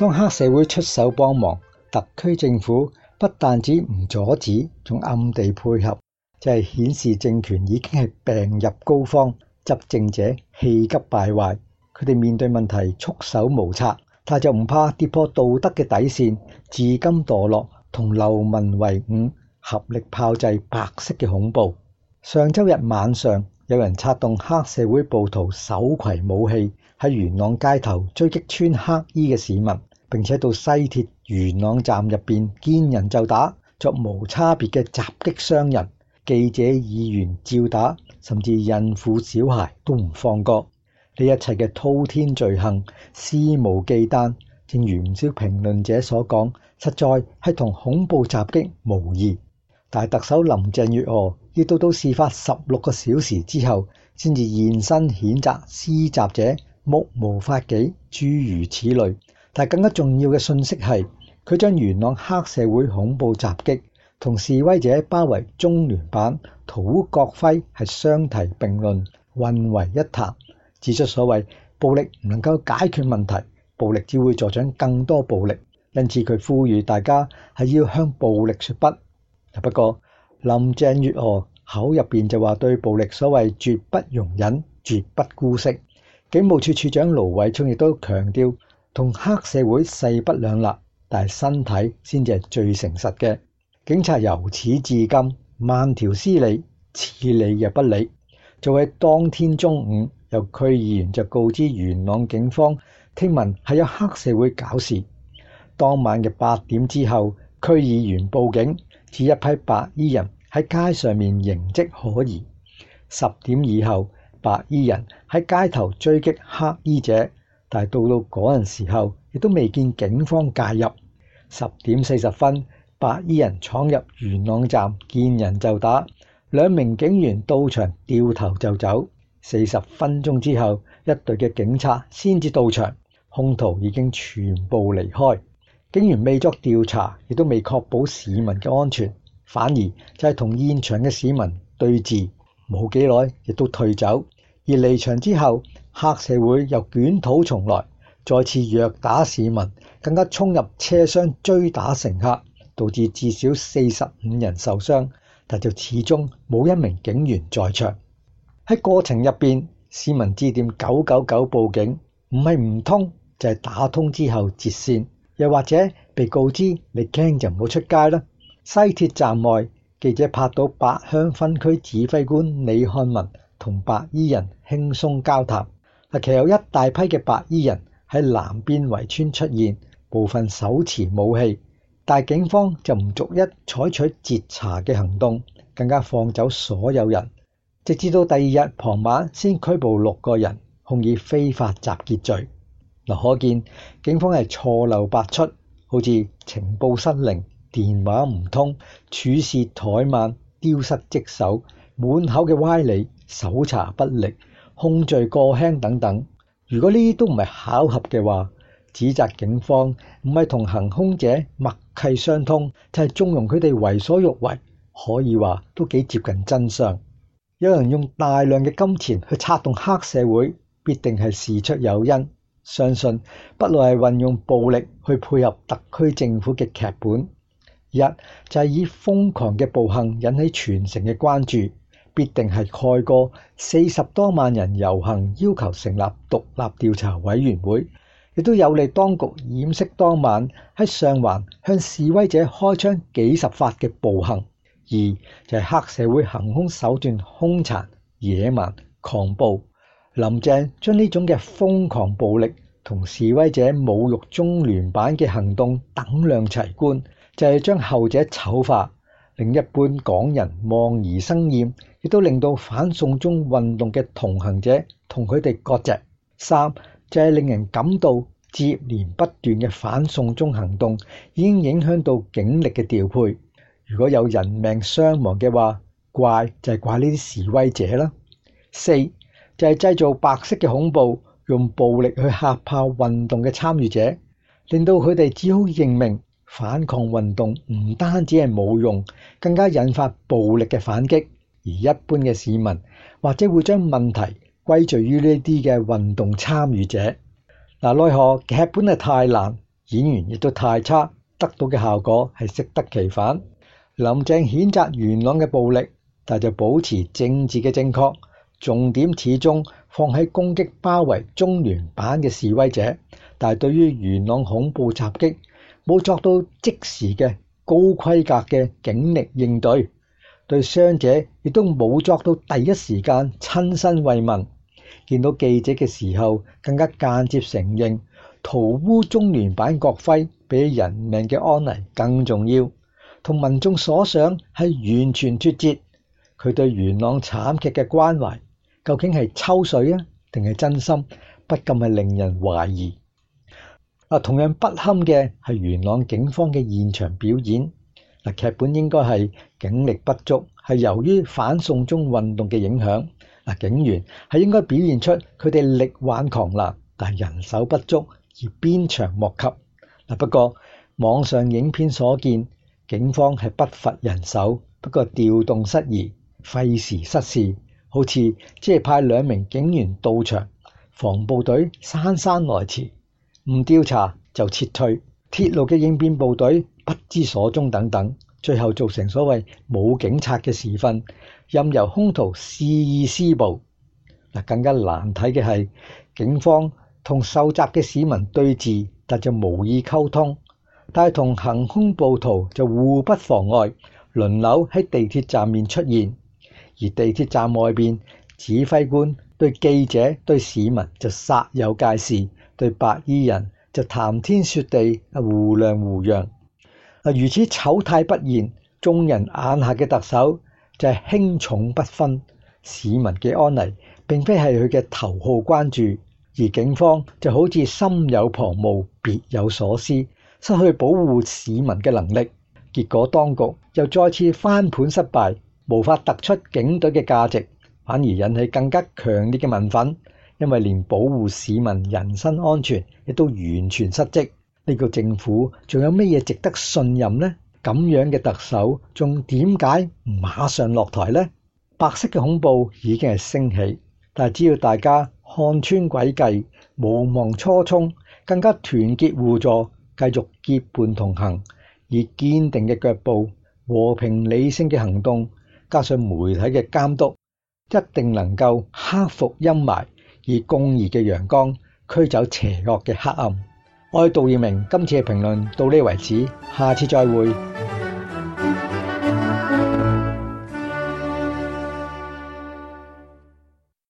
當黑社會出手幫忙，特區政府不但止唔阻止，仲暗地配合，就係、是、顯示政權已經係病入膏肓，執政者氣急，急敗壞，佢哋面對問題束手無策，但就唔怕跌破道德嘅底線，自甘墮落同流氓為伍，合力炮製白色嘅恐怖。上周日晚上，有人策動黑社會暴徒手攜武器喺元朗街頭追擊穿黑衣嘅市民。並且到西鐵元朗站入邊，見人就打，作無差別嘅襲擊傷人。記者、議員照打，甚至孕婦、小孩都唔放過。呢一切嘅滔天罪行，肆無忌憚，正如唔少評論者所講，實在係同恐怖襲擊無異。但係特首林鄭月娥亦都到事發十六個小時之後，先至現身譴責施襲者，目無法紀，諸如此類。但係更加重要嘅信息係，佢將元朗黑社會恐怖襲擊同示威者包圍中聯辦、塗國徽係相提並論，混為一談，指出所謂暴力唔能夠解決問題，暴力只會助長更多暴力。因此佢呼籲大家係要向暴力說不。不過林鄭月娥口入邊就話對暴力所謂絕不容忍、絕不姑息。警務處處長盧偉聰亦都強調。同黑社會勢不兩立，但係身體先至係最誠實嘅。警察由此至今，慢條斯理，似理亦不理。就喺當天中午，由區議員就告知元朗警方，聽聞係有黑社會搞事。當晚嘅八點之後，區議員報警，指一批白衣人喺街上面形跡可疑。十點以後，白衣人喺街頭追擊黑衣者。但係到到嗰陣時候，亦都未見警方介入。十點四十分，白衣人闖入元朗站，見人就打，兩名警員到場掉頭就走。四十分鐘之後，一隊嘅警察先至到場，兇徒已經全部離開。警員未作調查，亦都未確保市民嘅安全，反而就係同現場嘅市民對峙，冇幾耐亦都退走。而離場之後，黑社會又捲土重來，再次虐打市民，更加衝入車廂追打乘客，導致至少四十五人受傷，但就始終冇一名警員在場。喺過程入邊，市民致電九九九報警，唔係唔通，就係打通之後截線，又或者被告知你驚就唔好出街啦。西鐵站外，記者拍到八鄉分區指揮官李漢文。同白衣人輕鬆交談。嗱，其後一大批嘅白衣人喺南邊圍村出現，部分手持武器，但係警方就唔逐一採取截查嘅行動，更加放走所有人，直至到第二日傍晚先拘捕六個人，控以非法集結罪。嗱，可見警方係錯漏百出，好似情報失靈、電話唔通、處事怠慢、丟失職守，滿口嘅歪理。搜查不力、控罪過輕等等，如果呢啲都唔係巧合嘅話，指責警方唔係同行凶者默契相通，就係、是、縱容佢哋為所欲為，可以話都幾接近真相。有人用大量嘅金錢去策動黑社會，必定係事出有因。相信不論外係運用暴力去配合特區政府嘅劇本，一就係、是、以瘋狂嘅暴行引起全城嘅關注。必定係蓋過四十多萬人遊行要求成立獨立調查委員會，亦都有利當局掩飾當晚喺上環向示威者開槍幾十發嘅暴行。二就係黑社會行凶手段凶殘、野蠻、狂暴。林鄭將呢種嘅瘋狂暴力同示威者侮辱中聯辦嘅行動等量齊觀，就係、是、將後者醜化，令一般港人望而生厭，亦都令到反送中運動嘅同行者同佢哋割席。三就係令人感到接連不斷嘅反送中行動已經影響到警力嘅調配，如果有人命傷亡嘅話，怪就係怪呢啲示威者啦。四就係製造白色嘅恐怖，用暴力去嚇怕運動嘅參與者，令到佢哋只好認命。反抗運動唔單止係冇用，更加引發暴力嘅反擊，而一般嘅市民或者會將問題歸罪於呢啲嘅運動參與者。嗱，奈何劇本係太爛，演員亦都太差，得到嘅效果係適得其反。林鄭譴責元朗嘅暴力，但就保持政治嘅正確，重點始終放喺攻擊包圍中聯辦嘅示威者，但係對於元朗恐怖襲擊，冇作到即時嘅高規格嘅警力應對，對傷者亦都冇作到第一時間親身慰問。見到記者嘅時候，更加間接承認塗污中聯辦國徽，比人命嘅安危更重要，同民眾所想係完全脫節。佢對元朗慘劇嘅關懷，究竟係抽水啊，定係真心？不禁係令人懷疑。嗱，同樣不堪嘅係元朗警方嘅現場表演。嗱，劇本應該係警力不足，係由於反送中運動嘅影響。嗱，警員係應該表現出佢哋力挽狂瀾，但人手不足而鞭長莫及。嗱，不過網上影片所見，警方係不乏人手，不過調動失宜、費時失事，好似只係派兩名警員到場，防暴隊姍姍來遲。唔調查就撤退，鐵路嘅應變部隊不知所蹤等等，最後造成所謂冇警察嘅時分，任由兇徒肆意施暴。更加難睇嘅係警方同受襲嘅市民對峙，但就無意溝通；但係同行兇暴徒就互不妨礙，輪流喺地鐵站面出現，而地鐵站外邊指揮官對記者對市民就煞有介事。對白衣人就談天說地，胡量胡揚。啊，如此醜態不言，眾人眼下嘅特首就係輕重不分，市民嘅安危並非係佢嘅頭號關注，而警方就好似心有旁騖，別有所思，失去保護市民嘅能力。結果當局又再次翻盤失敗，無法突出警隊嘅價值，反而引起更加強烈嘅民憤。因為連保護市民人身安全亦都完全失職，呢個政府仲有乜嘢值得信任呢？咁樣嘅特首仲點解唔馬上落台呢？白色嘅恐怖已經係升起，但只要大家看穿詭計，無忘初衷，更加團結互助，繼續結伴同行，以堅定嘅腳步、和平理性嘅行動，加上媒體嘅監督，一定能夠克服陰霾。以公義嘅陽光驅走邪惡嘅黑暗。我係杜耀明，今次嘅評論到呢為止，下次再會。